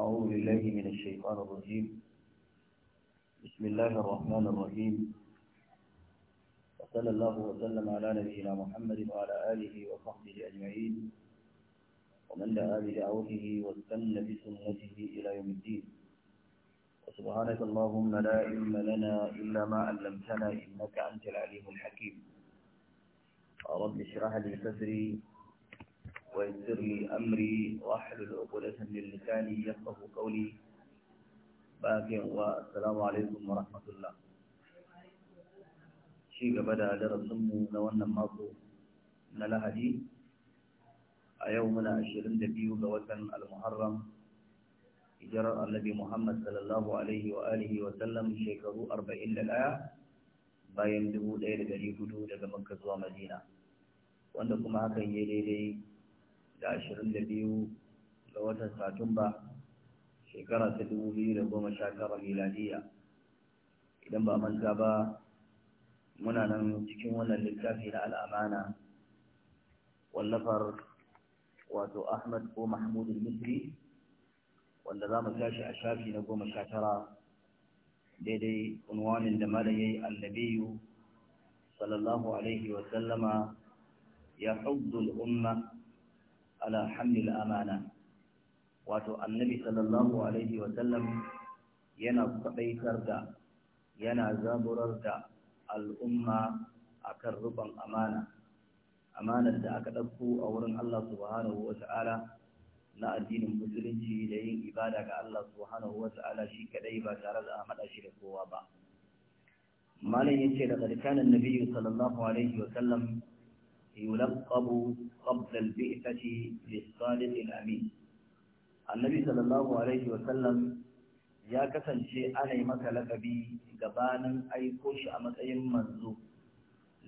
أعوذ بالله من الشيطان الرجيم بسم الله الرحمن الرحيم وصلى الله وسلم على نبينا محمد وعلى آله وصحبه أجمعين ومن دعا بدعوته واستنى بسنته إلى يوم الدين وسبحانك اللهم لا علم لنا إلا ما علمتنا إنك أنت العليم الحكيم رب اشرح لي صدري ويسر لي أمري وأحلل عقدة من لساني يفقه قولي باقي والسلام عليكم ورحمة الله شيء بدأ درس مو نوانا ماضو نلهدي أيومنا عشرين دبيو لوطن المحرم hijirar annabi Muhammad sallallahu Alaihi wa alihi wa sallam shekaru 41 bayan 1400 daga Makka zuwa Madina wanda kuma hakan ya daidai da ashirin da biyu ga watan satumba shekara ta dubu biyu da goma sha tara miladiya idan ba manta ba muna nan cikin wannan littafi na al'amana wallafar wato ahmad ko mahmud misri wanda za mu tashi a shafi na goma sha tara daidai unwanin da malam yayi annabiyu sallallahu alaihi wa ya huddu al'umma ala hamil amana wato annabi sallallahu alaihi wasallam yana kwaɗaitar da yana zaburar da al'umma akan rubin amana amanar da aka ɗauko a wurin Allah subhanahu wa ta'ala na addinin musulunci da yin ibada ga Allah subhanahu wa ta'ala shi kadai ba tare da haɗa shi da kowa ba malam yace da kana annabi sallallahu alaihi wa sallam يلقب قبل البئسة للصادق الأمين النبي صلى الله عليه وسلم ya kasance ana yi maka lakabi gabanin aiko shi a matsayin manzo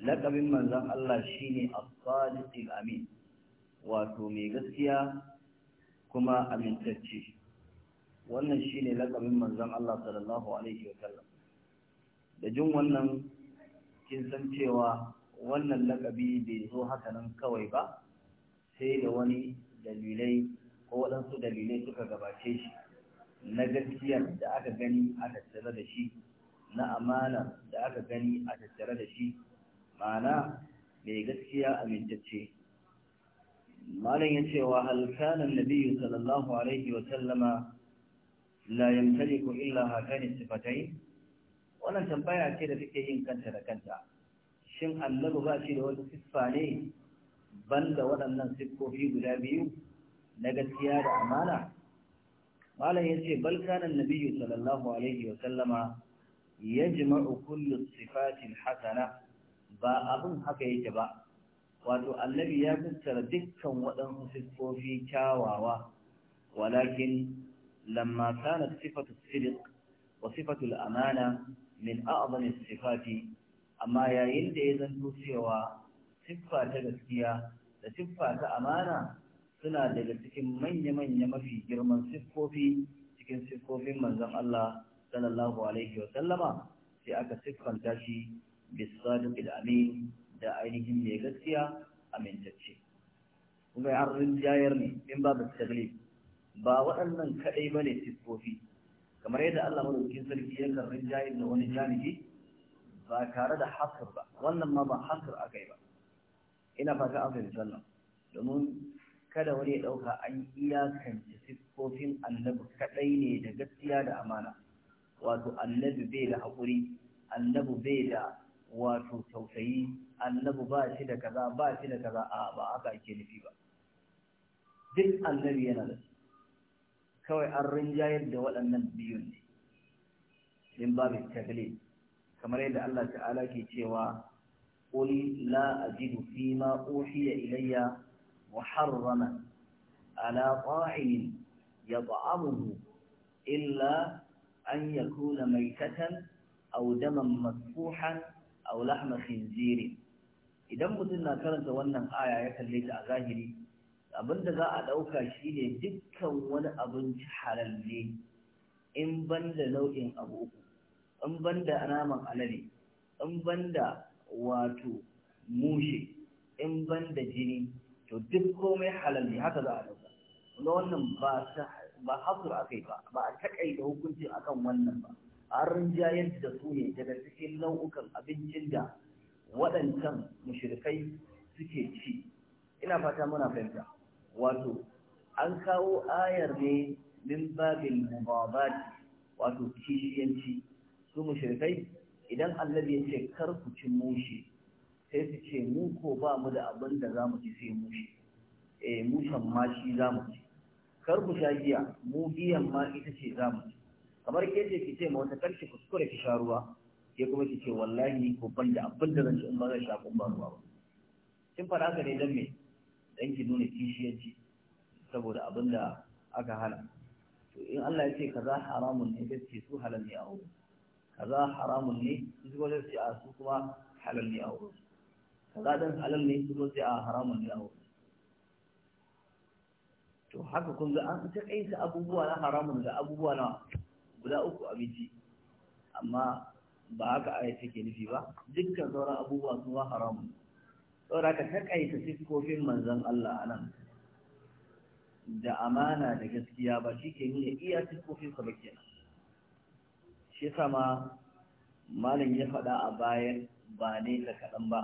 lakabin manzon Allah shine as-sadiqul amin wato mai gaskiya kuma amintacce wannan shine lakabin manzon Allah sallallahu alaihi wa sallam da jin wannan kin san cewa wannan lakabi bai zo haka nan kawai ba sai da wani dalilai ko waɗansu dalilai suka gabace shi na gaskiyar da aka gani a tattare da shi na amana da aka gani a tattare da shi ma'ana mai gaskiya amintacce malam ya ce wa halkanan nabiyu sallallahu alaihi wa sallama la yamtaliku illa hakani sifatai wannan tambaya ce da take yin kanta da kanta shin annabi ba shi da wata siffa ne banda waɗannan siffofi guda biyu na gaskiya da amana malam yace bal kana annabiyyu sallallahu alaihi wa sallama yajma'u kullu sifatil hasana ba abin haka yake ba wato annabi ya tattara dukkan waɗansu siffofi kyawawa walakin lamma kanat sifatu sidq wa sifatu al-amana min a'zami sifati amma yayin da ya zanto cewa siffa ta gaskiya da siffa ta amana suna daga cikin manya-manya mafi girman siffofi cikin siffofin manzan Allah sallallahu alaihi wa sallama sai aka siffanta shi bisadiqil amin da ainihin mai gaskiya amintacce kuma an jayar ne in babu taglib ba waɗannan kaɗai bane siffofi kamar yadda Allah madaukakin sarki ya kan rinjayar da wani jami'i ba tare da hasar ba wannan ma ba hasar aka yi ba ina fata an fahimci domin kada wani ya ɗauka an iyakance siffofin annabi kaɗai ne da gaskiya da amana wato annabi bai da haƙuri annabi bai da wato tausayi annabi ba shi da kaza ba shi da kaza a ba aka ake nufi ba duk annabi yana da su kawai an rinjayar da waɗannan biyun ne in babu taglid kamar da Allah ta'ala ke cewa qul la ajidu fi ma uhiya ilayya muharraman ala ta'imin yat'amuhu illa an yakuna maitatan aw daman masfuhan aw lahma khinzirin idan mutum na karanta wannan aya ya kalle a zahiri abinda za a ɗauka shi ne dukkan wani abinci halal ne in ban da nau'in abu uku in da naman alade in da wato mushe in da jini to duk komai halal ne haka za a dauka kuma wannan ba ba hasur akai ba ba a takaita hukuncin akan wannan ba an rinjayar da su ne daga cikin nau'ukan abincin da waɗancan mushrikai suke ci ina fata muna fahimta wato an kawo ayar ne min babin mubabati wato kishiyanci su mushirkai idan annabi ya ce kar ku ci mushi sai su ce mu ko ba mu da abin da za mu ci sai mushi eh mushan ma shi za mu ci kar ku sha giya mu giyan ma ita ce za mu ci kamar ke ce ki ce ma wata karshe kuskure ki sha ruwa ke kuma ki ce wallahi ko ban da abin da zan ci in ba zan sha kun ba ruwa ba kin fara ka ne dan me dan ki nuna kishiyanci saboda abin da aka hana to in Allah ya ce kaza haramun ne sai su halal ne a wurin kaza haramun ne su wajen sai a su kuma halal ne a wurin kaza dan halal ne su kuma sai a haramun ne a wurin to haka kun ga an ta kaisa abubuwa na haramun da abubuwa na guda uku a miji. amma ba haka aya take nufi ba dukkan sauran abubuwa sun ma haramun saboda ka takaita siffofin manzon Allah anan da amana da gaskiya ba shi ke nuna iya siffofin sa ba kenan shi sama malam ya faɗa a bayan ba ne ta kaɗan ba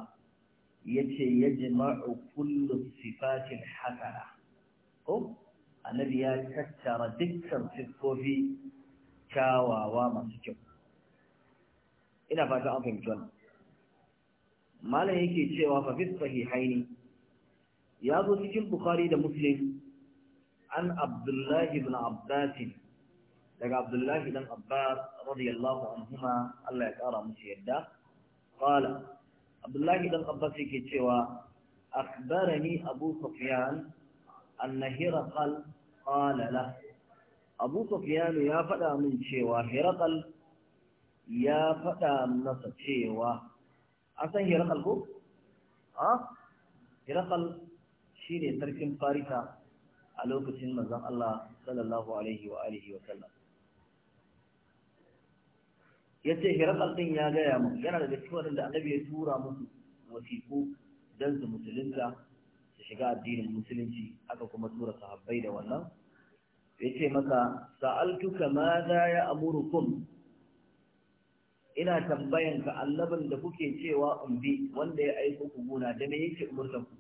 ya ce ya jima'u kullum sifatin hasara ko annabi ya tattara dukkan siffofi kyawawa masu kyau ina fata an fahimci wannan malam yake cewa fa fi haini ya zo cikin bukari da muslim an abdullahi bin abbasin daga Abdullahi dan Abbas radiyallahu anhuma Allah ya kara musu yadda qala Abdullahi dan Abbas yake cewa akhbarani Abu Sufyan anna Hirqal qala la Abu Sufyan ya faɗa min cewa hira Hirqal ya faɗa masa cewa an san Hirqal ko hira Hirqal shine sarkin Farisa a lokacin manzon Allah sallallahu alaihi wa alihi wa sallam ya ce hirakal ya gaya mu yana da cikin da annabi ya tura musu wasiku don su musulunta su shiga addinin musulunci aka kuma tura sahabbai da wannan ya ce maka sa'altuka ma za ya amurukum ina tambayan ka annabin da kuke cewa in bi wanda ya aiko ku gona da me yake umurtan ku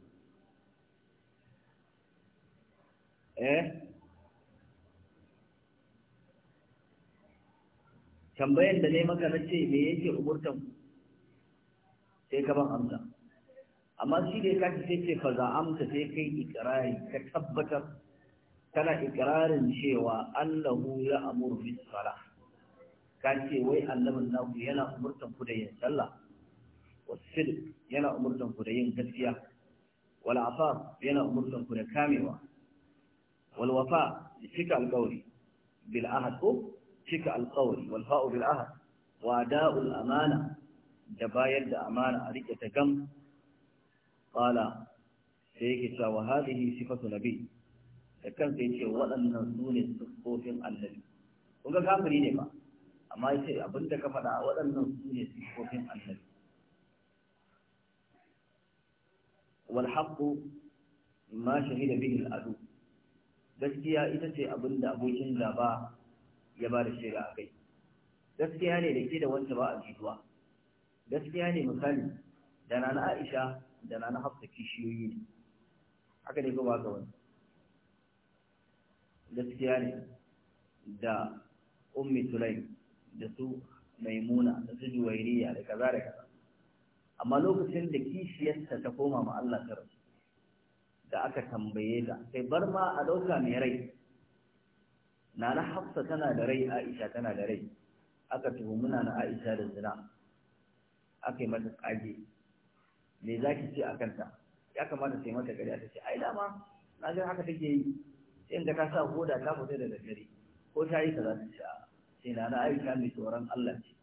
eh tambayan da ne maka na ce me yake umurtan ku sai ka ban amsa amma shi ne ka ce ce fa za amsa sai kai ikrari ka tabbatar kana ikrarin cewa Allahu ya amuru bis salah ka ce wai annabin naku yana umurtan ku da yin sallah wasidq yana umurtan ku da yin gaskiya wal afa yana umurtan ku da kamewa wal wafa cika alƙawari bil ahad ko cika alƙawari wal fa'u bil ahad wa da'ul amana da bayar da amana a rike ta gam qala sai yake cewa hadhihi sifatu nabi da kansa yace waɗannan su ne sifofin annabi kun ga kafiri ne ba amma yace da ka faɗa waɗannan su ne sifofin annabi wal haqqu ma shahida bihi al adu gaskiya ita ce abinda abokin gaba ya ba da shaida a kai gaskiya ne da ke da wanda ba a jituwa gaskiya ne misali da na aisha da na hafsa kishiyoyi ne haka ne ko ba ga wani gaskiya ne da ummi tulai da su maimuna da su juwairiya da kaza da kaza amma lokacin da kishiyarta ta koma ma Allah ta rasu da aka tambaye ta sai bar ma a ɗauka mai rai nana hafsa tana da rai aisha tana da rai aka tuhumuna na aisha da zina aka yi mata tsage me za ki ce a kanta ya kamata sai mata gari ta ce ai dama na ga haka take yi sai in ka sa hoda ta fita daga gari ko ta yi kaza ta ce sai nana aisha mai tsoron Allah ce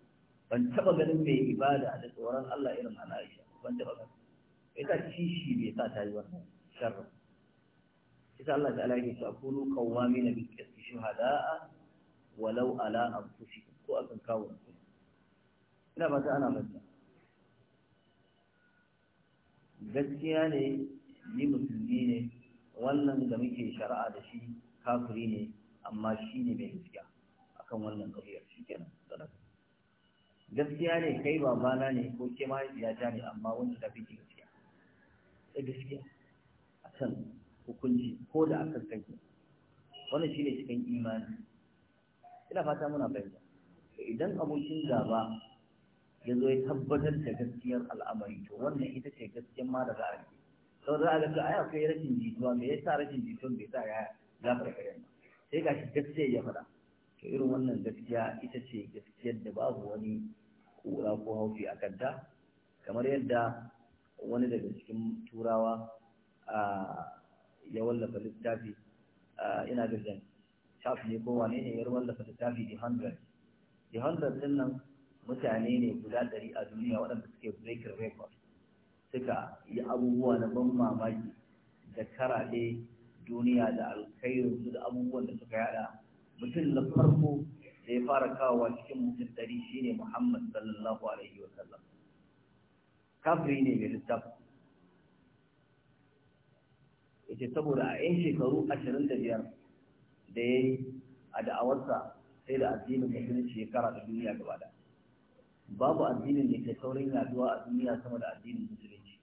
ban taba ganin mai ibada da tsoron Allah irin ana aisha ban taba ganin ita kishi bai sa ta yi wannan sharri ita Allah ta'ala yake cewa kunu qawwamin na qist shuhada'a walau ala anfusikum ko akan kawo ina ba ta ana manta gaskiya ne ni musulmi ne wannan da muke shari'a da shi kafiri ne amma shi ne mai gaskiya akan wannan kafiyar shi kenan sadaka gaskiya ne kai babana ne ko ke mahaifiyata ne amma wanda ta fi gaskiya ta gaskiya akan hukunci ko da akan kai wannan ne cikin imani ina fata muna fahimta idan abokin gaba ya zo ya tabbatar da gaskiyar al'amari to wannan ita ce gaskiyar ma da za'a a yi sau da za'a ga aya kai rashin jituwa me yasa rashin jituwan bai sa ya gafar kare ba sai gashi gaskiya ya faɗa to irin wannan gaskiya ita ce gaskiyar da babu wani kura ko haufi a kanta kamar yadda wani daga cikin turawa ah, ya wallafa littafi ina jirgin Shafi ne ko wane ne ya wallafa littafi the hundred the hundred din nan mutane ne guda ɗari a duniya waɗanda suke breaking record suka yi abubuwa na ban mamaki da karaɗe duniya da su da abubuwan da suka yada mutum na farko da ya fara kawowa cikin mutum ɗari shine muhammad sallallahu alaihi wa sallam. kafiri ne mai littafi ce saboda a yan shekaru ashirin da biyar da ya yi a da'awarsa sai da addinin musulunci ya kara da duniya gaba da babu addinin da ke saurin yaduwa a duniya sama da addinin musulunci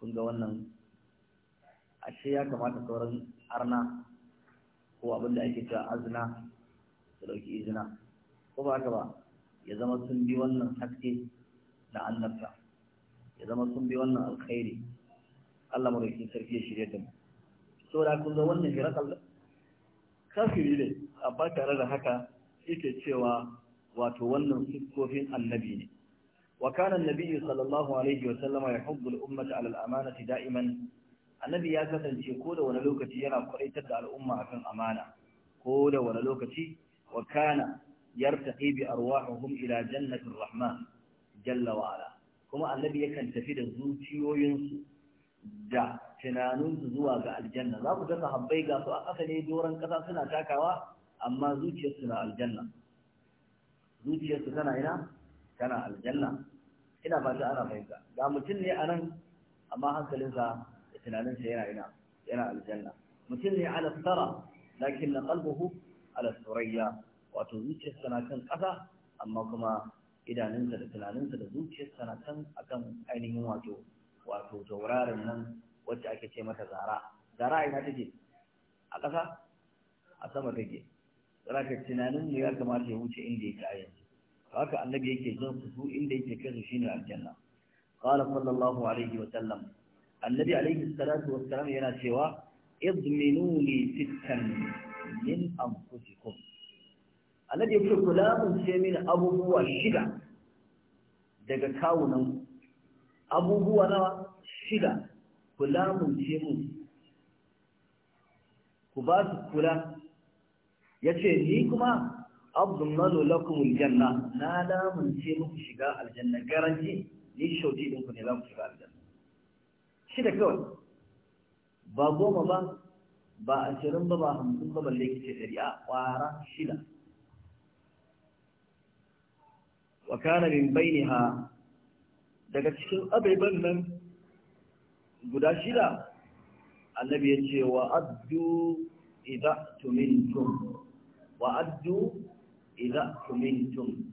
kun ga wannan ashe ya kamata sauran arna ko abin da ake cewa azna su dauki izina ko ba haka ba ya zama sun bi wannan haske na annabta ya zama sun bi wannan alkhairi Allah madaukakin sarki ya shirya da mu da kun ga wannan hirakal kafiri ne amma tare da haka yake cewa wato wannan siffofin annabi ne wa kana annabi sallallahu alaihi wa sallama yahuddu al-ummata ala amanati da'iman annabi ya kasance ko da wani lokaci yana kwaitar da al'umma akan amana ko da wani lokaci wa kana yartaqi bi arwahihim ila jannatir rahman jalla wa ala kuma annabi yakan tafi da zuciyoyinsu da tunaninsu zuwa ga aljanna za ku ga sahabbai ga su a ƙasa ne doron ƙasa suna takawa amma zuciyarsu na aljanna zuciyarsu tana ina tana aljanna ina ba ta ana fahimta ga mutum ne a nan amma hankalinsa da tunaninsa yana ina yana aljanna mutum ne ala sara lakin na qalbuhu ala surayya wato zuciyarsa na kan ƙasa amma kuma idanunsa da tunaninsa da zuciyarsa na kan akan ainihin wato wato taurarin nan wacce ake ce mata zara zara ina take a ƙasa a sama take zara ka tunanin ne ya kamata ya wuce inda yake a yanzu haka annabi yake zan su su inda yake kai su shine aljanna qala sallallahu alaihi wa sallam annabi alaihi salatu wa salam yana cewa idminuni sittan min anfusikum annabi yake kula mun ce min abubuwa shida daga kawunan abubuwa nawa shida ku ce mu ku ba su kula ya ce ni kuma abdullahi lakum aljanna na ce muku shiga aljanna garanti ni shauti din ku ne za ku shiga aljanna shida kawai ba goma ba ba ashirin ba ba hamsin ba balle ke shari'a kwara shida wa kana min bainiha daga cikin abaiban nan guda shida annabi ya ce wa addu idza tumintum wa addu idza tumintum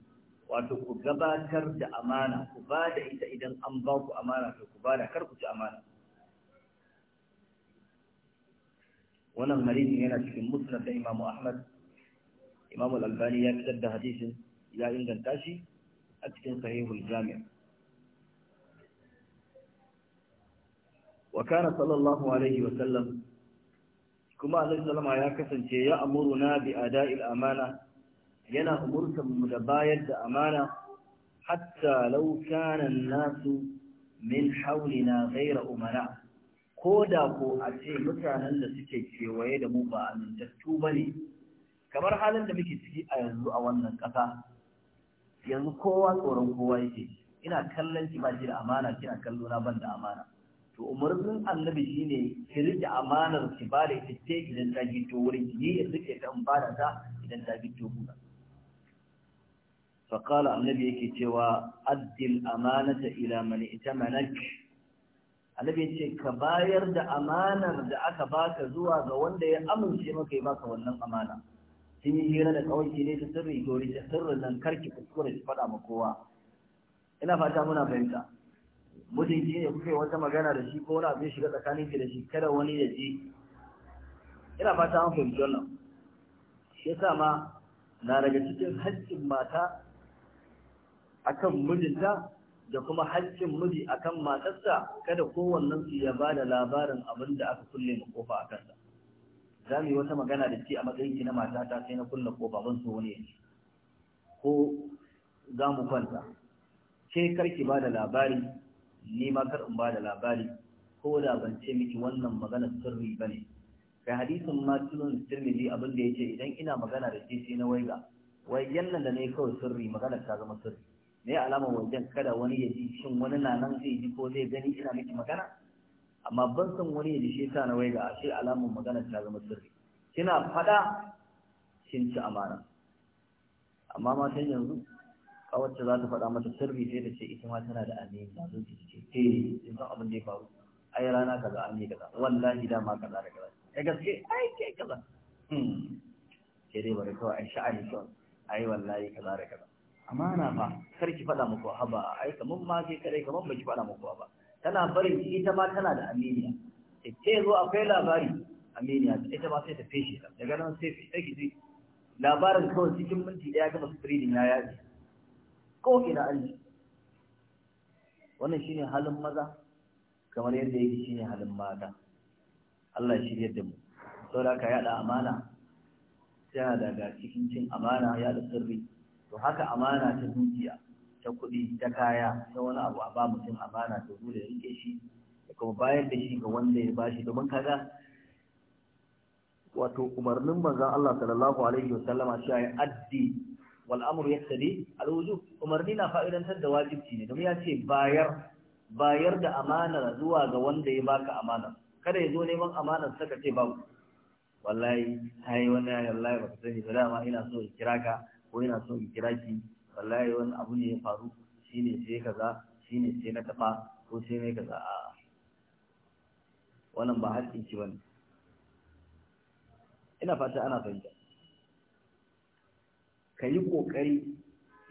wato ku gabatar da amana ku ba da ita idan an ba ku amana to ku ba da kar ku ci amana wannan hadisin yana cikin musnad da Imam Ahmad Imam Al-Albani ya fitar da hadisin ya inganta shi a cikin Sahihul Jami'a. wa kana sallallahu alaihi wa sallam kuma alaihi ya kasance ya amuruna bi ada'il amana yana umurtan mu da bayar da amana hatta law kana nasu min haulina ghayra umara ko da ko a ce mutanen da suke kewaye da mu ba amintattu bane kamar halin da muke ciki a yanzu a wannan ƙasa yanzu kowa tsoron kowa yake ina kallon shi ba da amana kina kallo na ban da amana to umarnin annabi shine ki rike amanar ki ba da ita idan ta gito wurin ki yi rike ta in bada ta idan ta gito buɗa fa qala annabi yake cewa addil amanata ila man itamanaka annabi ce ka bayar da amanar da aka baka zuwa ga wanda ya amince maka ya baka wannan amana kin yi hira da kawai ne ta sirri gori rike sirrin nan karki kuskure ki faɗa ma kowa ina fata muna fahimta mijinki ne kuke yi wata magana da shi ko wani abin shiga tsakanin ki da shi kada wani ya ji ina fata an fahimci wannan shi yasa ma na daga cikin haƙƙin mata akan mijinta da kuma haƙƙin miji akan matarsa kada kowannen su ya ba da labarin abin da aka kulle mu kofa a kansa za mu yi wata magana da ke a matsayin ki na matata sai na kulle kofa ban so wani ya ji ko za mu kwanta ke karki ba da labari ni ma kar in ba da labari ko da ban ce miki wannan magana sirri ba ne kai hadisin ma sunan tirmidhi abin da ce idan ina magana da shi na waiga wai yannan da ne kawai sirri magana ta zama sirri me alama wajen kada wani ya ji shin wani na nan zai ji ko zai gani ina miki magana amma ban san wani ya ji shi sa na waiga ashe alamun magana ta zama sirri kina faɗa! kin ci amana amma matan yanzu wacce za ta faɗa mata sirri sai da ce ita ma tana da amini na zo ki ce ke eh, in san abin da ya faru ai rana kaza an yi kaza wallahi dama kaza da kaza ya gaske ai ke kaza hmm. sai dai bari kawai ai sha'ani kawai ai wallahi kaza da kaza amana fa kar ki faɗa muku haba ai kamar ma ke kare kaman ba ki faɗa muku ba tana barin ita ma tana da aminiya eh, ke zo akwai labari aminiya ita ma sai ta feshe ta daga nan sai ta gidi labarin kawai cikin minti ɗaya gama sirrin ya yaji ko ina an ji wannan shine halin maza kamar yadda yake shine halin mata Allah ya yadda mu saboda ka yada amana yana daga cikin cin amana ya da sirri to haka amana ta dukiya ta kuɗi ta kaya ta wani abu a ba mutum amana ta dole ya rike shi da kuma bayar da shi ga wanda ya bashi domin kaga wato umarnin manzon Allah sallallahu alaihi wasallama shi ya addi wal amru yaktadi al wujub umarni na fa'idantar da wajibi ne domin ya ce bayar bayar da amanar zuwa ga wanda ya baka amanar kada ya zo neman amanar saka ce babu wallahi ai wani wallahi ba sani ba dama ina so in kira ka ko ina so in kira ki wallahi wani abu ne ya faru shine sai kaza shine sai na tafa ko sai ne kaza a wannan ba haƙƙin ki bane ina fata ana fahimta ka yi ƙoƙari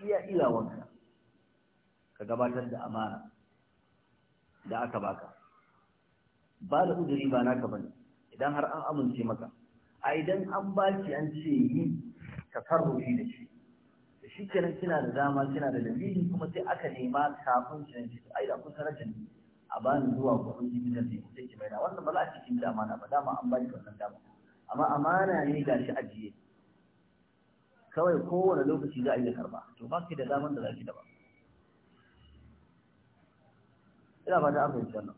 iya iyawanka ka gabatar da amana da aka baka ba da uzuri ba naka bane idan har an amince maka a idan an baki an ce yi ka shi da shi da shi kenan kina da dama kina da dalili kuma sai aka nema kafin ki nan ai da kusa rashin a bani zuwa ku an da zai sai ki mai wannan ba za a cikin amana ba dama an baki wannan dama amma amana ne gashi ajiye kawai kowane lokaci za a iya karba to ba ki da daman da za ki da ba ina ba ta afirka wannan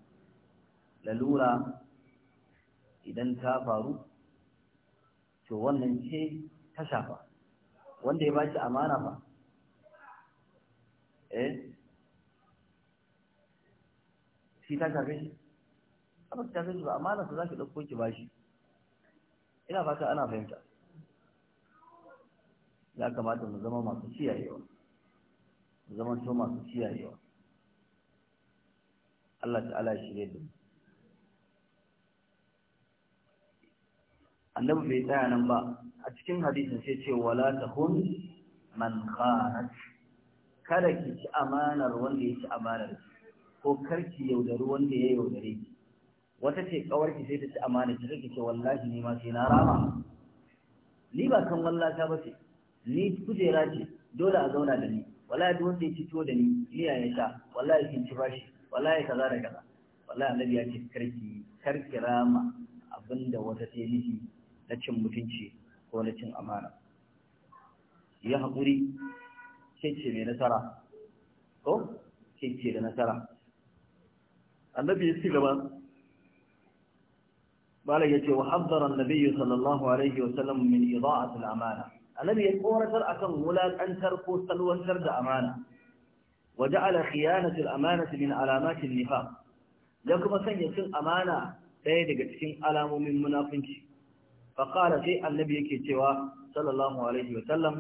lalura idan ta faru to wannan ce ta shafa wanda ya ba shi amana ba eh shi ta shafe shi amma ta shafe shi ba amana su za ki ɗauko ki ba shi ina fata ana fahimta ya kamata mu zama masu kiyayewa mu zama to masu kiyayewa Allah ta'ala ya shirye da mu annabi bai tsaya nan ba a cikin hadisin sai ce wala tahun man kharat kada ki ci amanar wanda ya ci amanar ko karki yaudari wanda ya yaudare ki wata ce ki sai ta ci amanar ki kake ce wallahi ni ma sai na rama ni ba kan wallahi ta ba sai ni kujera ce dole a zauna da ni wallahi duk wanda ya fito da ni ni ya sha wallahi kin ci bashi wallahi kaza da kaza wallahi annabi ya ce karki karki rama. abinda wata ta yi na cin mutunci ko na cin amana ya haƙuri ce ce mai nasara ko ce ce da nasara annabi ya ci gaba malam ya ce wa haddara annabi sallallahu alaihi wa sallam min amana annabi ya tsoratar akan wulakantar ko salwantar da amana wa ja'ala khiyanatu al-amanati min alamati nifaq ya kuma sanya cin amana ɗaya daga cikin alamomin munafunci fa qala sai annabi yake cewa sallallahu alaihi wa sallam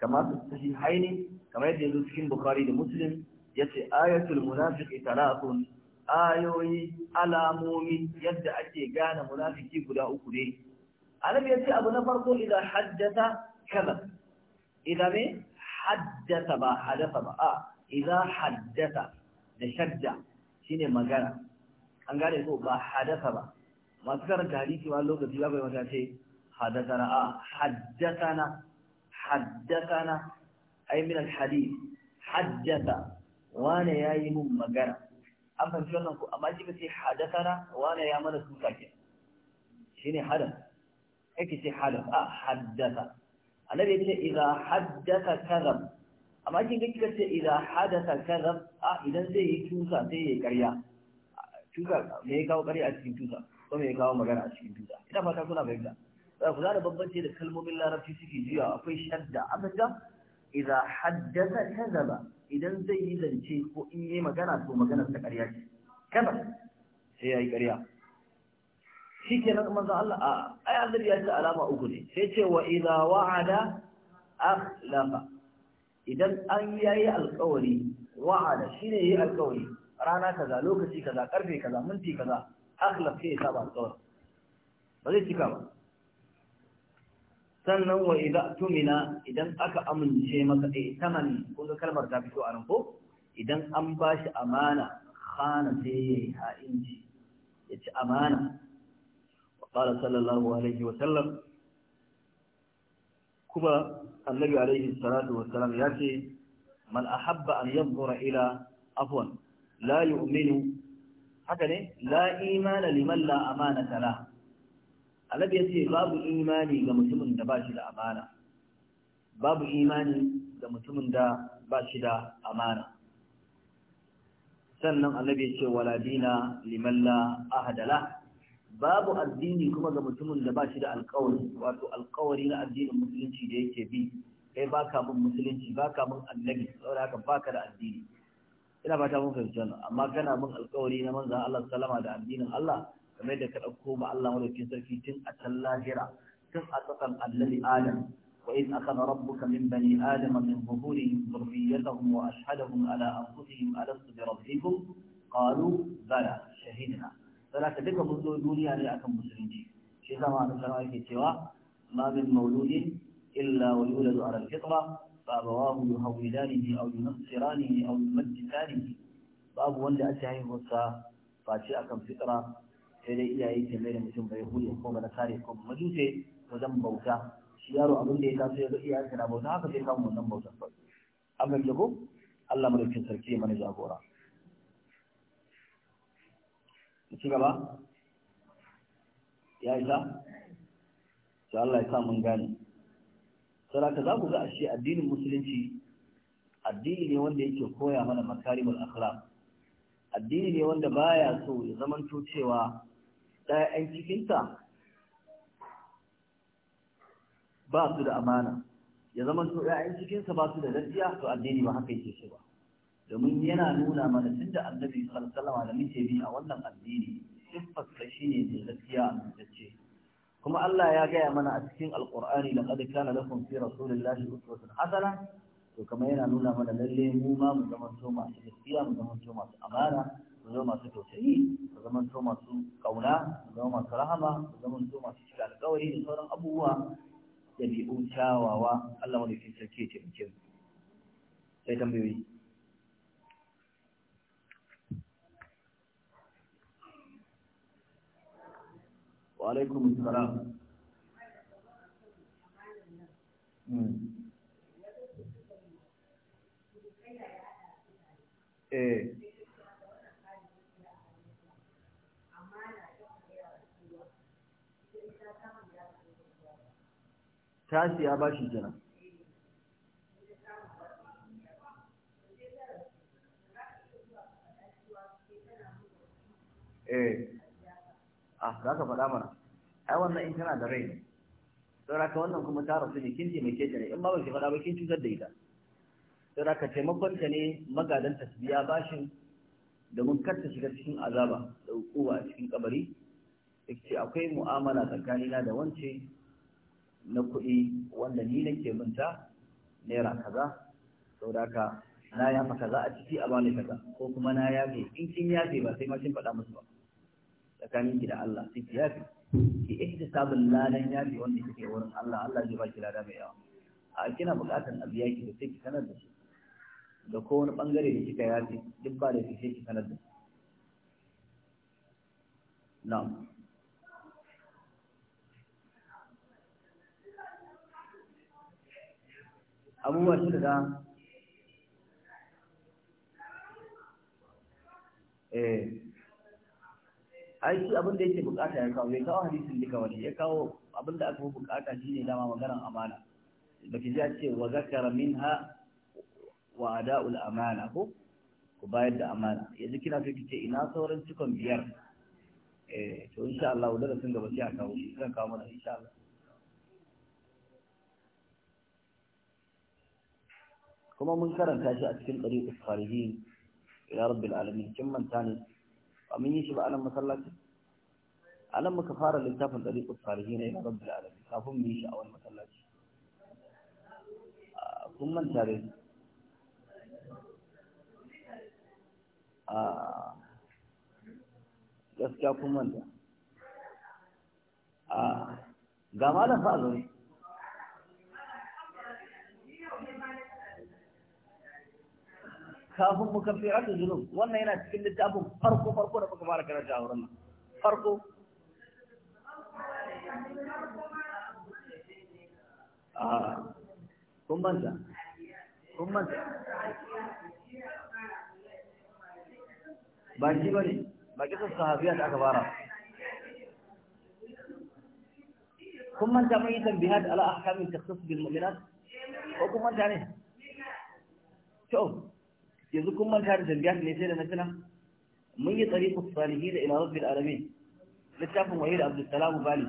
kama su cikin haini kamar yadda yanzu cikin bukhari da muslim yace ayatul munafiqi talatun ayoyi alamomi yadda ake gane munafiki guda uku ne annabi ce abu na farko idan haddata kadhab idan ne haddasa ba hadasa ba a idan haddasa da shadda shine magana an gane ko ba hadasa ba masu karanta hadisi ma lokaci ba bai mata ce hadasa na a haddasa na haddasa na ai min alhadith haddasa wane yayi mun magana an fahimci wannan amma shi ka na wane ya mana suka ke shine hadas ake ce hadas haddasa annabi ya ce idan haddasa kazab amma kin ga kika ce idan haddasa kazab a idan zai yi tusa sai ya ƙarya, tusa me ya kawo karya a cikin tusa ko me ya kawo magana a cikin tusa ina fata kuna fahimta ku za da bambanci da kalmomin larabci suke jiya akwai shadda abinda idan haddasa kazaba idan zai yi zance ko in yi magana to magana ta karya ce kaza sai ya yi karya shi ke nan manzo Allah a ai annabi ya ce alama uku ne sai ce wa idza wa'ada akhlafa idan an yayi alƙawari wa'ada shine yayi alƙawari rana kaza lokaci kaza karfe kaza minti kaza akhlaf sai ya saba alƙawari ba zai cika ba sannan wa idza tumina idan aka amince maka eh tamani kun ga kalmar ta fito a nan ko idan an bashi amana khana sai yi ha'inci ya ci amana قال صلى الله عليه وسلم كما النبي عليه الصلاة والسلام يأتي من أحب أن ينظر إلى عفوا لا يؤمن هكذا لا إيمان لمن لا أمانة له الذي يأتي باب إيماني لمسلم دباشي أمانة باب إيماني لمسلم دباشي أمانة sannan annabi ce wala dina liman la ahada la babu addini kuma ga mutumin da ba shi da alkawari wato alkawari na addinin musulunci da yake bi kai ba ka bin musulunci ba ka bin annabi saboda haka ba ka da addini ina ba ta mun fahimci amma kana bin alkawari na manza Allah sallama da addinin Allah kamar da ka dauko ma Allah madaukakin sarki tun a can lahira tun a tsakan annabi Adam wa in rabu rabbuka min bani adama min zuhurihim dhurriyyatahum wa ashhadahum ala anfusihim alastu bi rabbikum qalu bala shahidna saboda duka mun zo duniya ne akan musulunci shi yasa ma Allah yake cewa ma min mauludin illa wa yuladu ala al-fitra fa abawahu yuhawilanihi aw yunassiranihi aw yumajjisanihi babu wanda ake haihuwarsa face akan fitra sai dai iyaye ke mai da mutum bai hule ko ba kare ko majuse wajen bauta shi yaro abin da ya taso ya ga iyayen na bauta haka sai samu wannan bautar ba amma da ko Allah madaukin sarki mana jagora ci gaba ya isa to Allah ya sa mun gane saboda za ku ga ashe addinin musulunci addini ne wanda yake koya mana makarimul akhlaq addini ne wanda baya so ya zamanto cewa ɗaya ɗan cikinta ba su da amana ya zamanto ɗaya ɗan cikinsa ba su da lafiya to addini ba haka yake so ba domin yana nuna mana tun da annabi sallallahu da muke bi a wannan addini siffar ka shine ne gaskiya amintacce kuma Allah ya gaya mana a cikin alqur'ani laqad kana lakum fi rasulillahi uswatun hasana to kama yana nuna mana lalle mu ma mu zama to masu gaskiya mu zama to masu amana mu zama masu tausayi mu zama to masu kauna mu zama masu rahama mu zama to masu cika alƙawari da sauran abubuwa ɗabi'u kyawawa Allah wani fi sarki ya taimake mu sai tambayoyi وعليكم السلام salam eh tashi ya bashi eh a ah, za ka faɗa mana ai wannan in tana da rai ne saboda ka wannan kuma ta rasu ne kin taimake ta ne in ma ba ki faɗa ba kin cutar da ita saboda ka taimakon ta ne magadan ta biya bashin domin kar ta shiga cikin azaba da hukuma a cikin kabari yake akwai mu'amala tsakanina da wance na kuɗi wanda ni nake minta naira kaza saboda ka na yafa kaza a ciki a bani kaza ko kuma na yafe in kin yafe ba sai ma kin faɗa musu ba tsakanin ki da Allah sai ki yafi ki ihtisabul ladan yafi wanda kike wurin Allah Allah zai baki lada mai yawa a kina buƙatar abiya ki da sai ki sanar da shi. da kowane bangare da kika yafi duk ba da ki sai ki sanar da shi. na'am abubuwa shi da eh ai shi abin da yake bukata ya kawo bai kawo hadisin duka wani ya kawo abin da aka bukata shine dama maganar amana baki ji a ce wa zakara minha wa ada'ul amana ko ku bayar da amana yanzu kina so kice ina sauran cikon biyar eh to insha Allah da sun gaba sai a kawo shi zan kawo mana insha Allah kuma mun karanta shi a cikin ɗari usfarihin ila rabbil alamin kin manta ne ba mun yi shi ba anan masallaci a nan muka fara littafin ɗariƙus salihi na yin rabbi alamin kafin mu yi shi a wani masallaci ah, kun manta dai a ah, gaskiya kun manta a ah, ga malam fa ne kafin mu kafi rata zunub wannan yana cikin littafin farko farko da muka fara karanta a wurin nan farko a kun manta kun manta ba shi ba ne ba kisan sahabiya da aka fara kun manta mun yi tambihar ala ahkamin takhsis bil mu'minat ko kun manta ne to yanzu kun manta da tambihar ne sai da na tuna mun yi tsari tsariqus salihin ila rabbil alamin littafin wahid abdul salam bali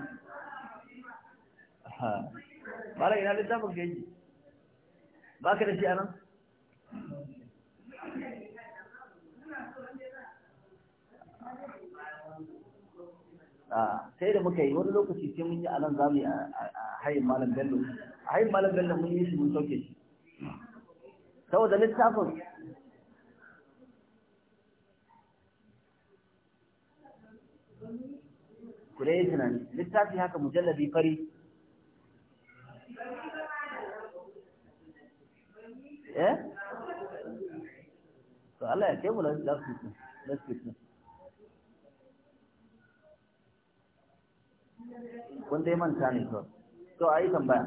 ha mara ina littafin gaji ba ka da shi a nan sai da muka yi wani lokaci sai mun yi a nan zamu yi a hayin malam bello a hayin malam bello mun yi shi mun sauke shi saboda littafin ku dai tunani littafi haka mujallabi fari eh to Allah ya kai mu last week last week to ayi tambaya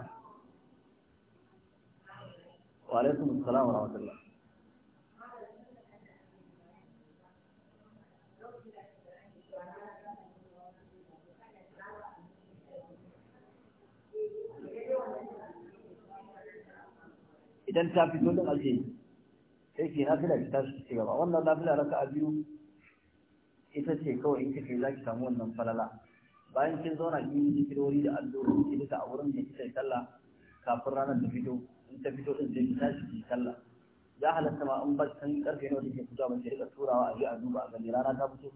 wa alaikum assalam idan ta fito da ake yi sai ke nafila ta tashi ci gaba wannan nafila raka'a biyu ita ce kawai in kike za ki samu wannan falala bayan kin zauna kin yi zikirori da allura ki duka a wurin da kike sallah kafin ranar ta fito in ta fito din sai ta shi ki sallah ya halatta ma an ba san karfe nawa take fitowa ba sai rika turawa a ji a duba a gani rana ta fito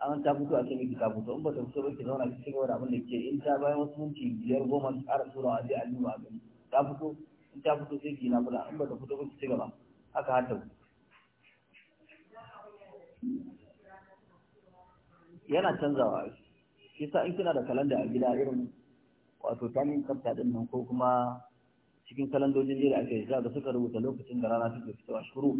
an ta fito a kan ta fito in ba ta fito ba ki zauna ki cigaba da abin da ke in ta bayan wasu minti biyar goma ki ƙara turawa a ji a duba a gani ta fito in ta fito sai gina kula in ba ta fito ba ci gaba haka har ta yana canzawa shi sa in kina da kalanda a gida irin wato timing kafta din nan ko kuma cikin kalandojin jere ake za ga suka rubuta lokacin da rana take fitowa shuru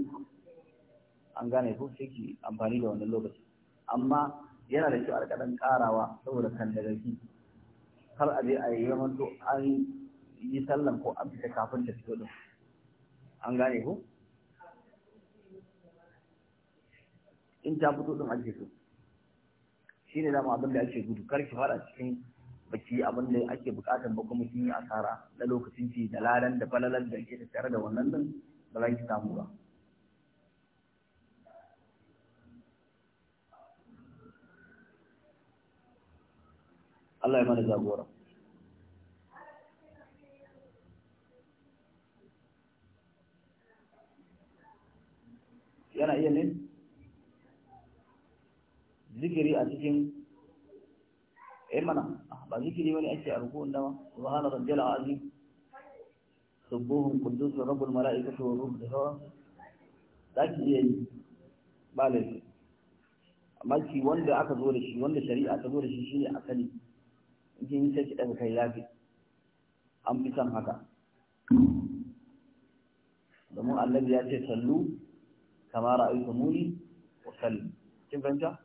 an gane ko sai ki amfani da wannan lokaci amma yana da kyau a ƙarawa saboda kan daga ki har a je a yi zamanto an yi sallan ko an fita kafin ta fito din an gane ko in ta fito din an fito shi ne dama abin da ake gudu kar ki fara cikin baki abin da ake bukatar ba kuma kin yi asara na lokacin ki da ladan da falalan da ke tare da wannan din ba za ki samu ba Allah ya mana jagora. yana iya ne zikiri a cikin eh mana ah, ba zikiri wani ake a rukun dama subhana rabbil azim subuhun quddus rabbul malaikati wa ruh da Za zaki iya yi ba laifi amma ki wanda aka zo da shi wanda shari'a ta zo da shi shine asali in sai ki daga kai lafi an fi son haka domin annabi ya ce sallu kama ra'aytumuni wa sallu kin fahimta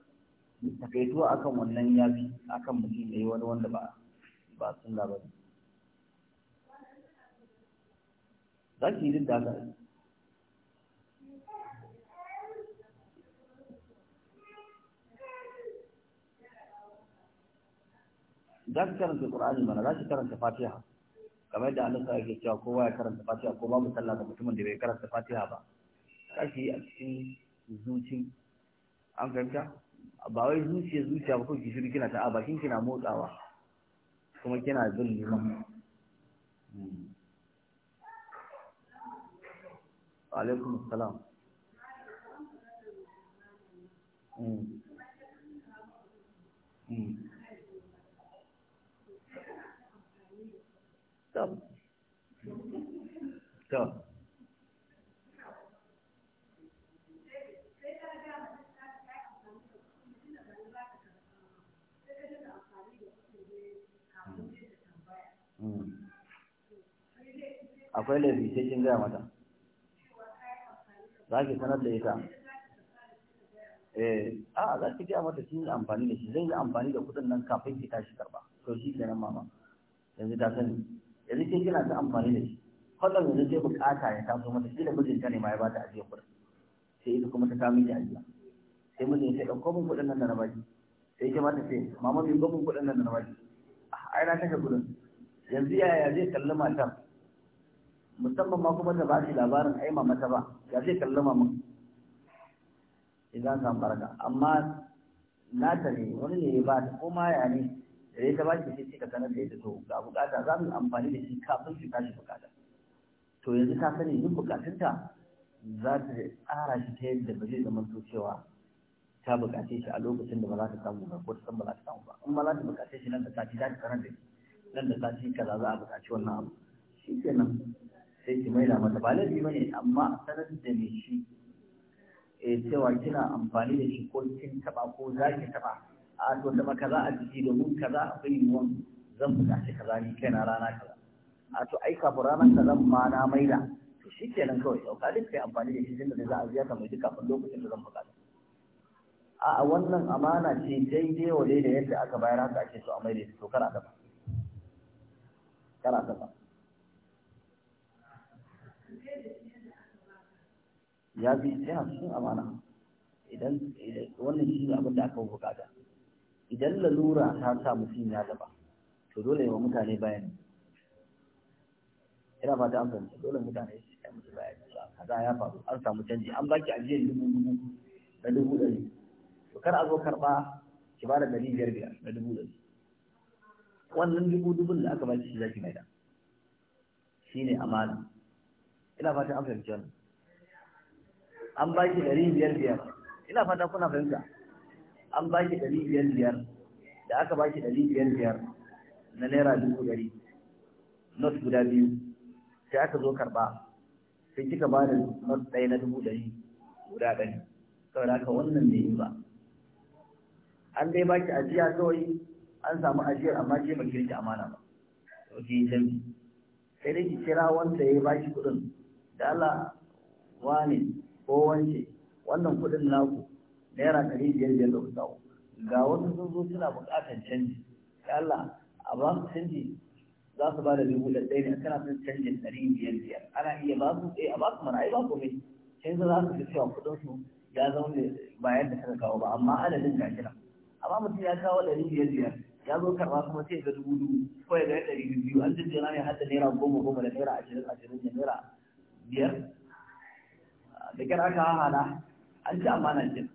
takaituwa akan wannan yafi akan mutum yayi wani wanda ba ba sunna ba zan ki yi duk da haka za ka karanta Qur'ani mana za ka karanta Fatiha kamar yadda Allah sa yake cewa kowa ya karanta Fatiha ko babu sallah da mutumin da bai karanta Fatiha ba za yi a cikin zuci an fahimta ba wai zuciya zuciya ba kawai shiru kina ta a bakin kina motsawa kuma kina zin liman hmm. alaikum salam hmm. Hmm. Stop. Stop. akwai laifi sai kin gaya mata za ki sanar da ita eh, a za ki gaya mata kin yi amfani da shi zai yi amfani da kudin nan kafin ki tashi karba to shi kenan mama yanzu ta sani yanzu ke kina ta amfani da shi kwallon yanzu sai bukata ya taso mata shi da mijinta ne ma ya bata ajiyar kuɗin sai ita kuma ta kawo miki ajiya sai mijin ya ɗauko min kuɗin nan da na baki sai ke mata sai ce mama mai gwamnan kuɗin nan da na baki ah, ai ina kashe kuɗin yanzu yaya zai kalli matar musamman ma kuma da ba shi labarin a ma mata ba ya zai kalli mamu idan san baraka amma na ta ne wani ne ba ta ko ya ne da ya ta ba shi sai ka sanar da ya to ga bukata za mu amfani da shi kafin su tashi bukata to yanzu ta sani yin bukatunta za ta tsara shi ta yadda ba zai zama to cewa ta bukace shi a lokacin da ba za ta samu ba ko ta san ba za ta samu ba in ba za ta bukace shi nan da sati za ta sanar da shi nan da sati kaza za a bukaci wannan abu shi kenan sai ki maida mata ba laifi ba ne amma a sanar da me shi e cewa kina amfani da shi ko kin taba ko za ki taba a to maka za a jiki domin kaza akwai yiwuwan zan shi kaza ni kaina rana kaza a to ai kafin ranar zan ma na maida to shi kenan kawai ɗauka duk kai amfani da shi tunda da za a ziyarta mai duka kafin lokacin da zan buƙata a wannan amana ce daidai wa daidai yadda aka bayar haka ake so a maida to kar a taba kar a taba ya bi yana cikin amana idan wannan shi ne abin da aka bukata idan lalura ta sa mutum ya zaba to dole yawa mutane bayan ina fata an fahimta dole mutane su yi musu bayani kaza ya faru an samu canji an baki ajiyar dubu dubu na dubu dari to kar a zo karɓa ki ba da ɗari biyar biyar na dubu dari wannan dubu dubun da aka baki shi zaki mai da shine amana ina fata an fahimci wannan an ba shi ɗari biyar biyar ina fata kuna fahimta an ba shi ɗari biyar biyar da aka ba shi ɗari biyar biyar na naira dubu ɗari not guda biyu sai aka zo karɓa sai kika ba da not ɗaya na dubu ɗari guda ɗari saboda haka wannan ne yi ba an dai ba ki ajiya kawai an samu ajiyar amma ce ba kirki amana ba to ki yi canji sai dai ki kira wanda ya ba shi kuɗin da Allah wani ko wance wannan kuɗin naku naira ɗari biyar biyar da ku kawo ga wasu sun zo suna buƙatar canji ya Allah a ba su canji za su ba da dubu da ɗaya ne kana son canjin ɗari biyar biyar ana iya ba su ɗaya eh, a ba su mana ai ba ku mai su za su ga cewa kuɗin su ya zaune bayan da suka kawo ba amma adadin ga kira amma mutum ya kawo ɗari biyar biyar ya zo karɓa kuma sai ga dubu dubu ko ya ga ɗari biyu an jijjira ne har da naira goma goma da naira ashirin ashirin da naira biyar da kira aka hana an ci amana jin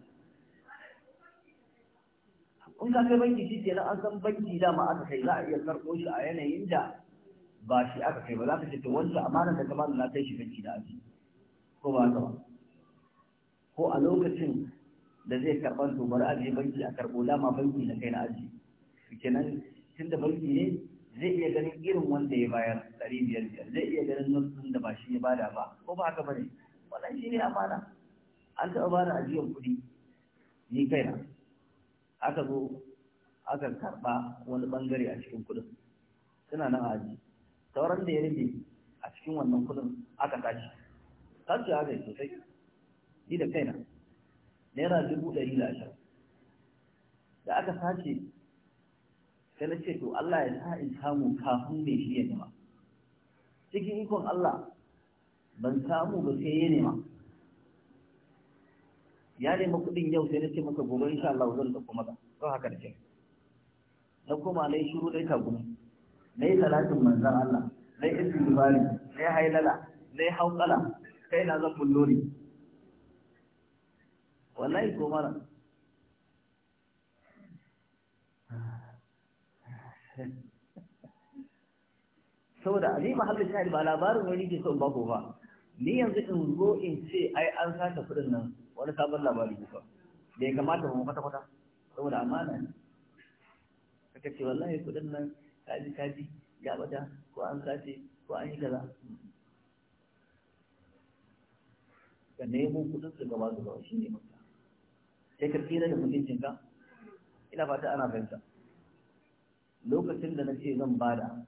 in ka kai banki shi kenan an san banki dama aka kai za a iya karɓo shi a yanayin da ba shi aka kai ba za ka ce to wancan amana da kamar na kai shi banki da aji ko ba ka ba ko a lokacin da zai karɓar to bari banki a karɓo dama banki na kai na aji kenan tun da banki ne zai iya ganin irin wanda ya bayar ɗari biyar biyar zai iya ganin nan da ba shi ya bada ba ko ba haka ba ne wannan shi ne amana an taɓa da ajiyar kuɗi ni kaina aka zo aka karɓa wani ɓangare a cikin kuɗin suna nan aji sauran da ya rufe a cikin wannan kuɗin aka tashi tashi aka yi sosai ni da kaina naira dubu ɗari da ashirin da aka sace sai na ce to Allah ya sa in samu kafin mai shi ya jima cikin ikon Allah ban samu ba sai ya nema ya nema kuɗin yau sai na ce maka gobe insha Allah zan dauko maka to haka da ce na koma na yi shiru dai ta gumi. na yi salatin manzan Allah na yi istighfari na yi hailala na yi hauƙala kai na zan bullori wallahi ko mara saboda a zai mahallin shahid ba labarin wani ke son bako ba ni yanzu in zo in ce ai an saka kuɗin nan wani sabon labari kuka da ya kamata mu kwata kwata saboda amana ne kaka ce wallahi kuɗin nan kaji kaji ya bata ko an sace ko an yi kaza ka nemo kuɗin su gaba zuwa shi ne mutum sai ka tsira da ka ina fata ana fahimta lokacin da na ce zan bada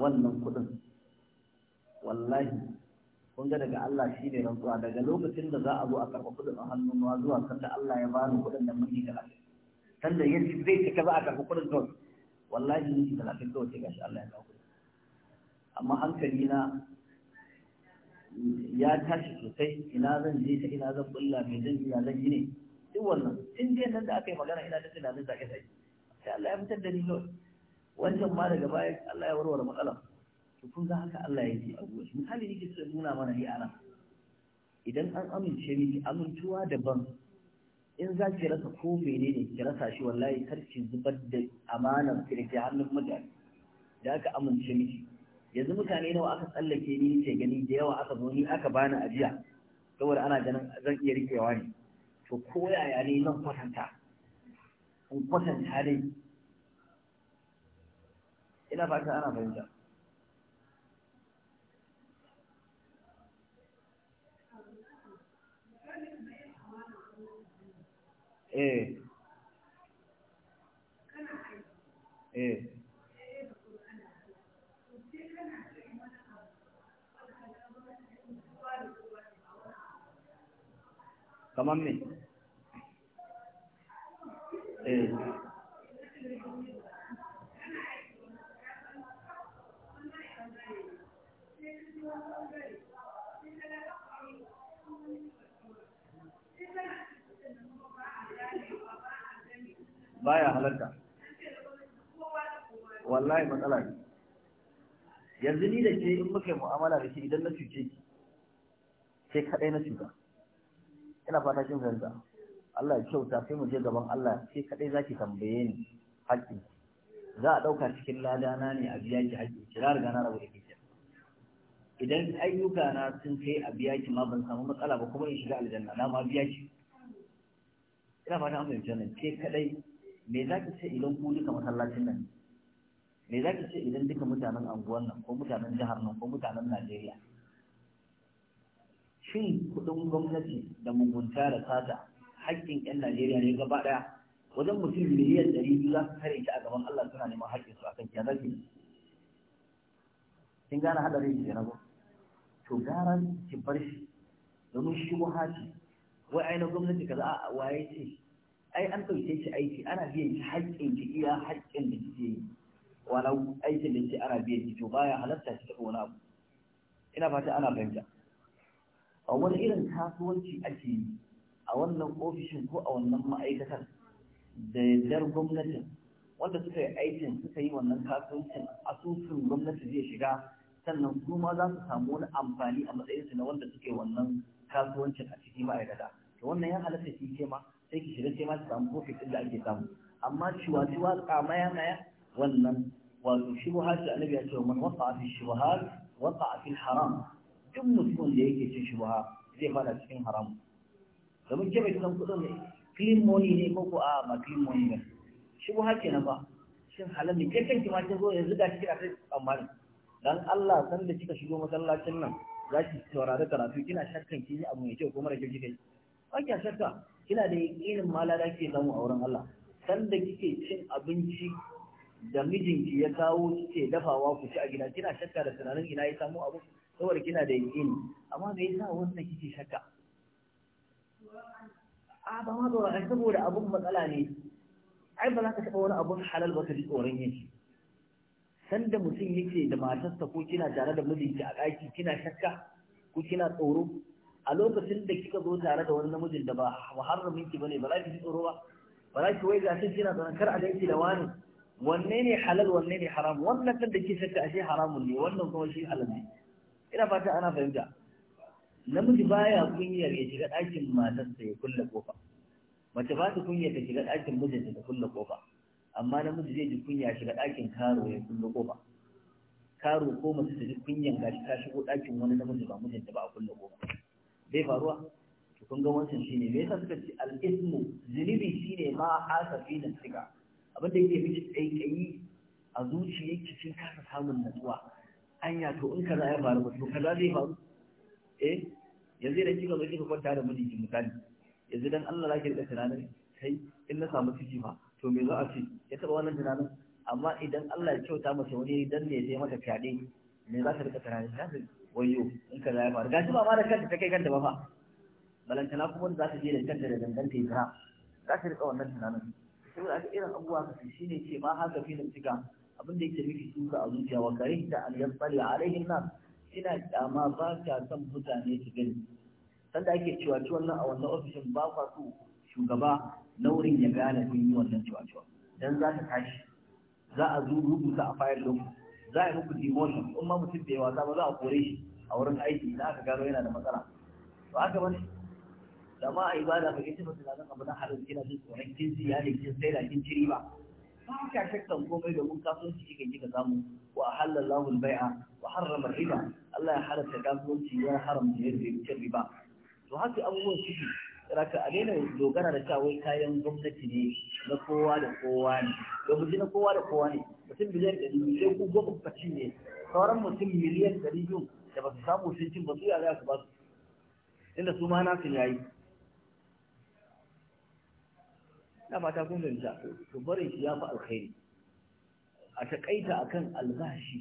wannan kudin wallahi kun ga daga Allah shi ne rantsuwa daga lokacin da za a zo a karɓa kuɗin a hannun ma zuwa sanda Allah ya bani kuɗin da miji talatin sanda ya zai cika za a karɓi kuɗin kawai wallahi miji talatin kawai ce, gashi Allah ya kawo kuɗin amma hankali na ya tashi sosai ina zan je ta ina zan bulla mai zan yi zan yi ne duk wannan tun dai nan da aka yi magana ina da tunanin zake zai sai Allah ya fitar da ni kawai wancan ma daga baya Allah ya warware matsalar to kun ga haka Allah yake a gobe misali yake so nuna mana ni ana idan an amince miki amintuwa daban in za ki rasa ko menene ki rasa shi wallahi kar ki zubar da amanar ki da ke hannun mutane da aka amince miki yanzu mutane nawa aka tsallake ni ke gani da yawa aka zo ni aka bani ajiya saboda ana ganin zan iya rikewa ne to ko yaya ne zan kwatanta in kwatanta dai ina fata ana fahimta eh eh kamar mu'amala da shi idan na cuce ki sai kadai na cuta ina fata kin fahimta Allah ya kyauta sai mu je gaban Allah sai kadai zaki tambaye ni haƙƙi za a ɗauka cikin ladana ne a biya ki haƙƙi ki riga na rabu da ke idan ayyuka na sun kai a biya ki ma ban samu matsala ba kuma in shiga aljanna na ma biya ki ina fata an fahimci nan ke kadai me zaki ce idan ku duka masallacin nan me za ki ce idan duka mutanen anguwan nan ko mutanen jihar nan ko mutanen najeriya shin kudin gwamnati da mugunta da sata haƙƙin 'yan najeriya ne gaba ɗaya wajen mutum miliyan ɗari biyu za su kare shi a gaban allah suna neman haƙƙin su a kan ya kin gane haɗarin shi na ba to gara ki bar shi domin shi haci. wai aina gwamnati kaza a waye ce ai an ɗauke shi aiki ana biyan shi haƙƙin ki iya haƙƙin da kike yi wani aikin da ke arabiya biyan ki to baya halatta ki taɓa wani abu ina fata ana fahimta a wani irin kasuwanci ake yi a wannan ofishin ko a wannan ma'aikatar da yardar gwamnatin wanda suka yi aikin suka yi wannan kasuwancin asusun gwamnati zai shiga sannan su ma za su samu wani amfani a matsayinsu na wanda suke wannan kasuwancin a cikin ma'aikata to wannan ya halatta ki ke ma sai ki shiga ce ma su samu kofi din da ake samu amma ciwa ciwa kamaya maya wannan wato shi da annabi ya ce man wasa fi shubuhat wasa fi haram duk mutumin da yake cin shubuha zai fada cikin haram domin ke bai san kudin clean money ne ko ko a ba clean money ba shubuha kenan ba shin halal ne kai kanki ma kin zo yanzu da kika kai amma dan Allah san da kika shigo masallacin nan za ki saurari karatu kina shakkan ki abu mai kyau ko mara kyau kika yi ba ki shakka kina da yakinin malala ke samu a wurin Allah san da kike cin abinci da mijinki ya kawo kike dafawa ku ci a gida kina shakka da tunanin ina ya samu abu saboda kina da yin amma me yasa wannan kike shakka a ba ma ba saboda abun matsala ne ai ba za ka taɓa wani abun halal ba ka ji tsoron san sanda mutum yake da matarsa ko kina tare da mijinki a ɗaki kina shakka ko kina tsoro a lokacin da kika zo tare da wani namijin da ba muharramin ki bane ba za ki ji tsoro ba ba za ki wai ga kina tsoron kar a ganki da wani wanne ne halal wanne ne haram wannan kan da ke shakka ashe haramun ne wannan kuma shi halal ne ina fata ana fahimta namiji baya kunyar ya shiga ɗakin matarsa ya kulle kofa mace ba ta kunyar ta shiga ɗakin mijinta ta kulle kofa amma namiji zai ji kunya shiga ɗakin karo ya kulle kofa karo ko mace ta ji kunyan gashi ta shigo ɗakin wani namiji ba mijinta ba a kulle kofa Bai faruwa to kun ga wancan shine me yasa suka ce al-ismu zunubi shine ma asafi da siga abinda yake miki tsaikayi a zuciyarki sun kasa samun natsuwa anya to in kaza ya faru to kaza zai faru eh yanzu da kika zo kika kwanta da miji misali yanzu dan Allah zaki da tunanin kai in na samu ciki fa to me za a ce ya taba wannan tunanin amma idan Allah ya kyauta masa wani dan ne sai mata fyaɗe me za ta rika tunanin ta wayo in kaza ya faru gashi ba ma da kanta ta kai kanta ba fa balantana kuma za ta je da kanta da dangantaka ya za ta rika wannan tunanin saboda aka irin abubuwa ka shi ne ce ma haka fi da cika abin da yake miki shuka a zuciya wa kare ta tsari a arihin nan ina kyama ba ka son mutane su gani sanda ake cewa ciwon wannan, a wannan ofishin ba kwa su shugaba wurin ya gane kun yi wannan cewa cewa za ka tashi za a zo rubuta a fayil ɗin za a yi muku demotion in ma mutum bai wasa ba za a kore shi a wurin aiki idan aka gano yana da matsala to Zama a ibada ba ita ba tunanin abu na harin kina jin tsoron kin ji ya ne kin sai da kin ciri ba ba ka shakkan komai domin kasuwanci kike kika samu wa halallahu al-bai'a wa harrama riba Allah ya haramta kasuwanci ya haramta ya yin riba to haka abubuwan suke raka a daina dogara da cewa wai kayan gwamnati ne na kowa da kowa ne da mu na kowa da kowa ne mutum miliyan ɗari biyu sai ku gwamnati ne sauran mutum miliyan ɗari biyu da ba su samu sun cin ba su yaya su ba su inda su ma nasu yayi na mata kun ganta to barin shi ya fi alkhairi a a akan albashi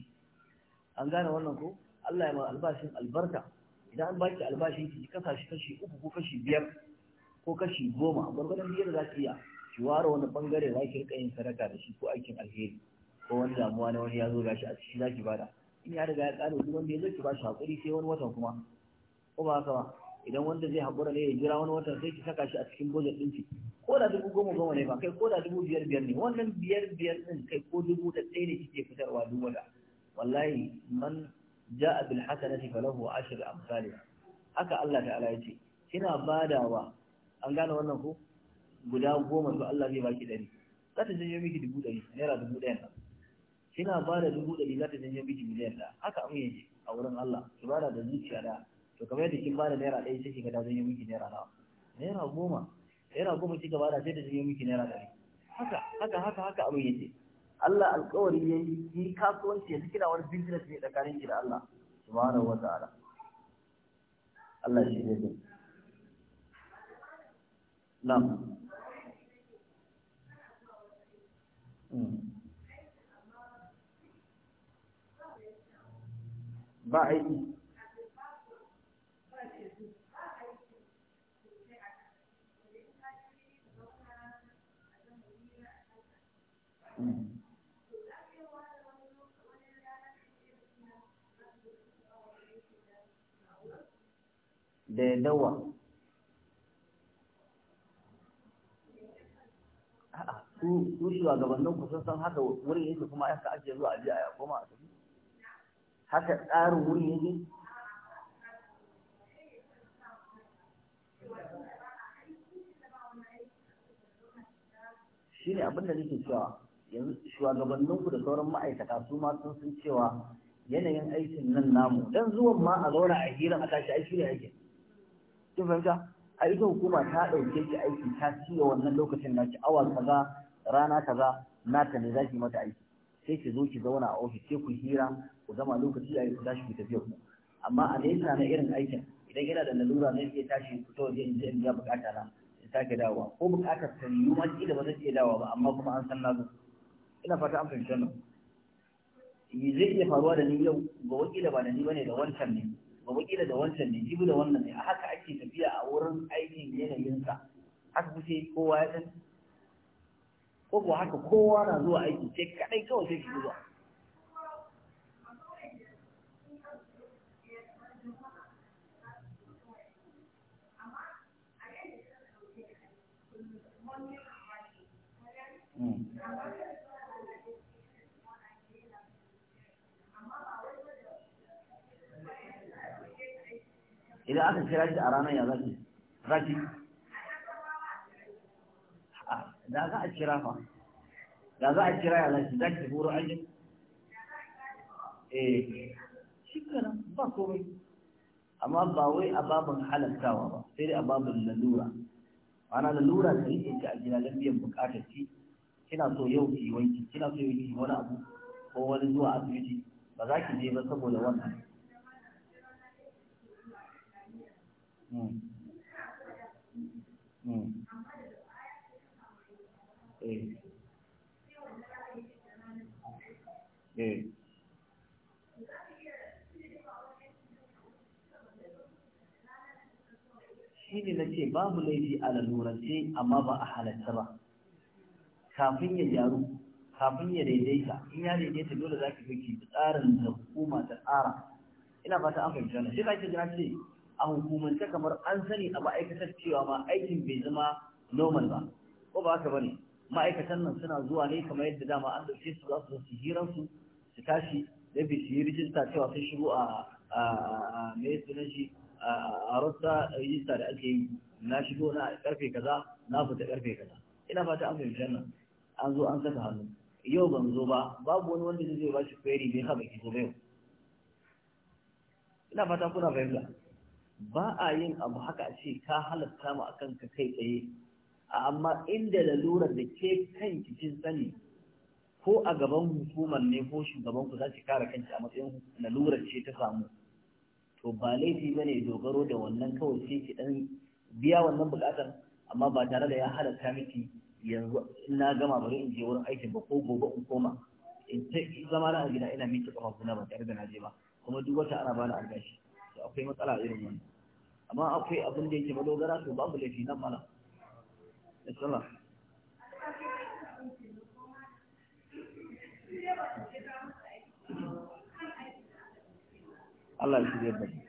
an gane wannan ko Allah ya ma albashin albarka idan an baki albashin ki kasa shi kashi uku ko kashi biyar ko kashi goma gwargwadon biyar za ki iya ki ware wani bangare za ki rika yin sadaka da shi ko aikin alheri ko wani damuwa na wani ya zo gashi a ciki za ki bada in ya riga ya kare duk wanda ya zo ki ba shi hakuri sai wani watan kuma ko ba haka ba idan wanda zai haƙura ne ya jira wani watan sai ki saka shi a cikin budget ɗin ki ko da dubu goma goma ne ba kai ko da dubu biyar biyar ne wannan biyar biyar ɗin kai ko dubu da ɗaya ne kike fitarwa duk wata wallahi man ja'a bil hasanati falahu ashru amsalih haka Allah ta'ala yace kina badawa an gane wannan ko guda goma to Allah zai baki ɗari za ta janyo miki dubu ɗari naira dubu ɗaya nan kina ba da dubu ɗari za ta janyo miki miliyan ɗaya haka an yanke a wurin Allah ibada da zuciya ɗaya to kamar yadda kin bada naira ɗaya sai ki da ta janyo miki naira nawa naira goma yana goma shi gaba da sai da janyo miki naira ɗari haka haka haka haka abin yake Allah alƙawari ya yi kasuwanci ya kira wani business ne tsakanin ki da Allah subhanahu wa ta'ala Allah shi ne din hmm. ba aiki da ya dawa su su shugabannin ku sun san haka wurin yake kuma aka ake zuwa aje a koma a tafi haka tsarin wurin yake shine abin da nake cewa yanzu shugabannin ku da sauran ma'aikata su ma sun san cewa yanayin aikin nan namu dan zuwan ma a zauna a hira a tashi aiki ne aikin kin fahimta a ita hukuma ta ɗauke ki aiki ta ciye wannan lokacin naki awa kaza rana kaza nata ne zaki mata aiki sai ki zo ki zauna a ofis sai ku hira ku zama lokaci a yi ku tashi ku tafi ku amma a dai na irin aikin idan yana da lalura na iya tashi ku to je inda ya bukata na in sake dawowa ko bukatar ta yiwu ma kila ba zan iya dawowa ba amma kuma an san na zo ina fata an fahimta wannan zai iya faruwa da ni yau ga wakila ba da ni bane da wancan ne gaba kila da wancan ne jibi da wannan ne a haka ake tafiya a wurin aikin yanayinsa haka kuke kowa ya san ko haka kowa na zuwa aiki sai kadai kawai sai shi zuwa idan aka kira shi a ranar ya zaki zaki ah, da za a kira fa da za a kira ya zaki zaki buru ajin eh shi kana ba komai amma ba wai a babin halartawa ba sai dai a babin lalura ana lalura da yake ki a da biyan bukatar ki kina so yau ki wanki kina so yau ki wani abu ko wani zuwa asibiti ba za ki je ba saboda wannan shi ne na ce babu laifi a lalurance amma ba a halatta ba kafin ya gyaru kafin ya daidaita in ya daidaita dole za ki fi tsarin da hukuma ta tsara ina fata an fahimta na shi ka ce a hukumance kamar an sani a ma'aikatar cewa ma aikin bai zama normal ba ko ba haka bane ma'aikatan nan suna zuwa ne kamar yadda dama an dauke su za su su hiran su su tashi da bi su yi rijista cewa sun shigo a mai sunan shi a rasta rijista da ake yi na shigo na karfe kaza na fita karfe kaza ina fata an fahimci nan an zo an saka hannu yau ban zo ba babu wani wanda zai ba shi query bai haɓa ki zo ba yau ina fata kuna fahimta ba a yin abu haka a ce ka halatta mu a kanka kai tsaye amma inda lalurar da ke kan kin sani ko a gaban hukumar ne ko shugaban ku za ki kare kanki a matsayin lalurar ce ta samu to ba laifi ne dogaro da wannan kawai sai ki dan biya wannan bukatar amma ba tare da ya halatta miki yanzu in na gama bari in je wurin aikin ba ko gobe in koma in zama na a gida ina miki kafa na ba tare da na je ba kuma duk wata ana bani albashi to akwai matsala irin wannan amma akwai abin da yake madogara to babu laifi nan mana inshallah Allah ya shirya da